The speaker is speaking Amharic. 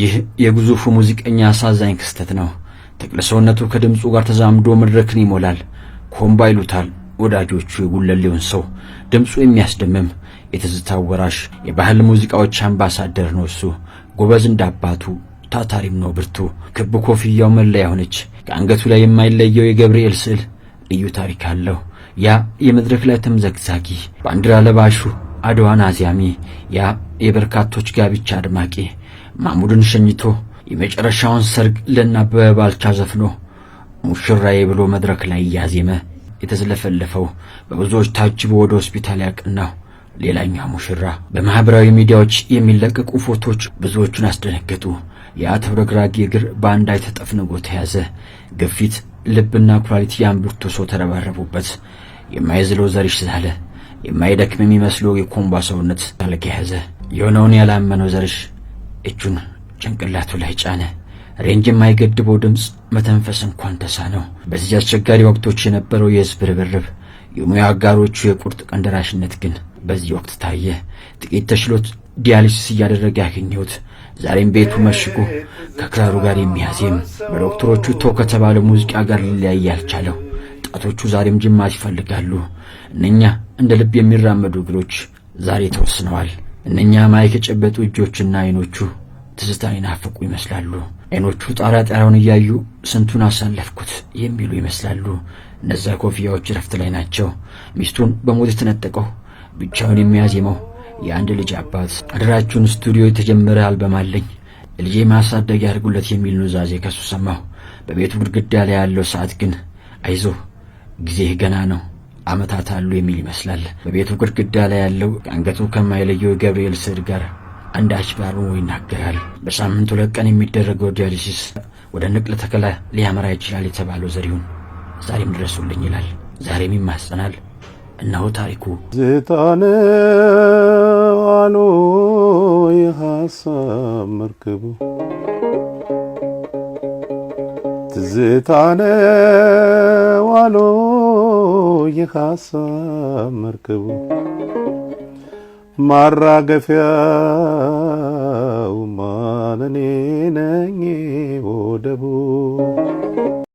ይህ የግዙፉ ሙዚቀኛ አሳዛኝ ክስተት ነው። ተክለ ሰውነቱ ከድምፁ ጋር ተዛምዶ መድረክን ይሞላል። ኮምባ ይሉታል ወዳጆቹ የጉለሌውን ሰው። ድምፁ የሚያስደምም የትዝታ ወራሽ፣ የባህል ሙዚቃዎች አምባሳደር ነው። እሱ ጎበዝ እንዳባቱ ታታሪም ነው ብርቱ። ክብ ኮፍያው መለያ ሆነች። ከአንገቱ ላይ የማይለየው የገብርኤል ስዕል ልዩ ታሪክ አለው። ያ የመድረክ ላይ ተምዘግዛጊ ባንዲራ ለባሹ አድዋን አዚያሚ፣ ያ የበርካቶች ጋብቻ አድማቂ ማሙድን ሸኝቶ የመጨረሻውን ሰርግ ለናበበ ባልቻ ዘፍኖ ሙሽራዬ ብሎ መድረክ ላይ እያዜመ የተዝለፈለፈው በብዙዎች ታጅቦ ወደ ሆስፒታል ያቅናው ሌላኛው ሙሽራ በማኅበራዊ ሚዲያዎች የሚለቀቁ ፎቶዎች ብዙዎቹን አስደነገጡ። ያ እግር በአንድ አይተ ጠፍንጎ ተያዘ። ግፊት፣ ልብና ኩላሊት የአንብርቶ ሰው ተረባረቡበት። የማይዝለው ዘር ይዛለ። የማይደክም የሚመስለው የኮምባ ሰውነት አልጋ ያዘ። የሆነውን ያላመነው ዘርሽ እጁን ጭንቅላቱ ላይ ጫነ። ሬንጅ የማይገድበው ድምፅ መተንፈስ እንኳን ተሳነው። በዚህ አስቸጋሪ ወቅቶች የነበረው የህዝብ ርብርብ፣ የሙያ አጋሮቹ የቁርጥ ቀን ደራሽነት ግን በዚህ ወቅት ታየ። ጥቂት ተሽሎት ዲያሊሲስ እያደረገ ያገኘሁት ዛሬም ቤቱ መሽጎ ከክራሩ ጋር የሚያዜም በዶክተሮቹ ቶ ከተባለ ሙዚቃ ጋር ሊለያይ ያልቻለው ጣቶቹ ዛሬም ጅማት ይፈልጋሉ። እነኛ እንደ ልብ የሚራመዱ እግሮች ዛሬ ተወስነዋል። እነኛ ማይክ የጨበጡ እጆችና አይኖቹ ትዝታን ይናፍቁ ይመስላሉ። አይኖቹ ጣራ ጣራውን እያዩ ስንቱን አሳለፍኩት የሚሉ ይመስላሉ። እነዛ ኮፍያዎች እረፍት ላይ ናቸው። ሚስቱን በሞት የተነጠቀው ብቻውን የሚያዜመው የአንድ ልጅ አባት አደራችሁን ስቱዲዮ የተጀመረ አልበም አለኝ ልጄ ማሳደግ ያድርጉለት የሚል ኑዛዜ ከሱ ሰማሁ። በቤቱ ግድግዳ ላይ ያለው ሰዓት ግን አይዞ ጊዜህ ገና ነው ዓመታት አሉ የሚል ይመስላል። በቤቱ ግድግዳ ላይ ያለው አንገቱ ከማይለየው የገብርኤል ስዕል ጋር አንዳች በአርምሞ ይናገራል። በሳምንት ሁለት ቀን የሚደረገው ዲያሊሲስ ወደ ንቅለ ተከላ ሊያመራ ይችላል የተባለው ዘሪሁን ዛሬም ድረሱልኝ ይላል፣ ዛሬም ይማጸናል። እነሆ ታሪኩ ዝታነ አሎ የሐሳብ መርከቡ ትዝታነ ዋሎ የሐሳብ መርከቡ ማራገፊያው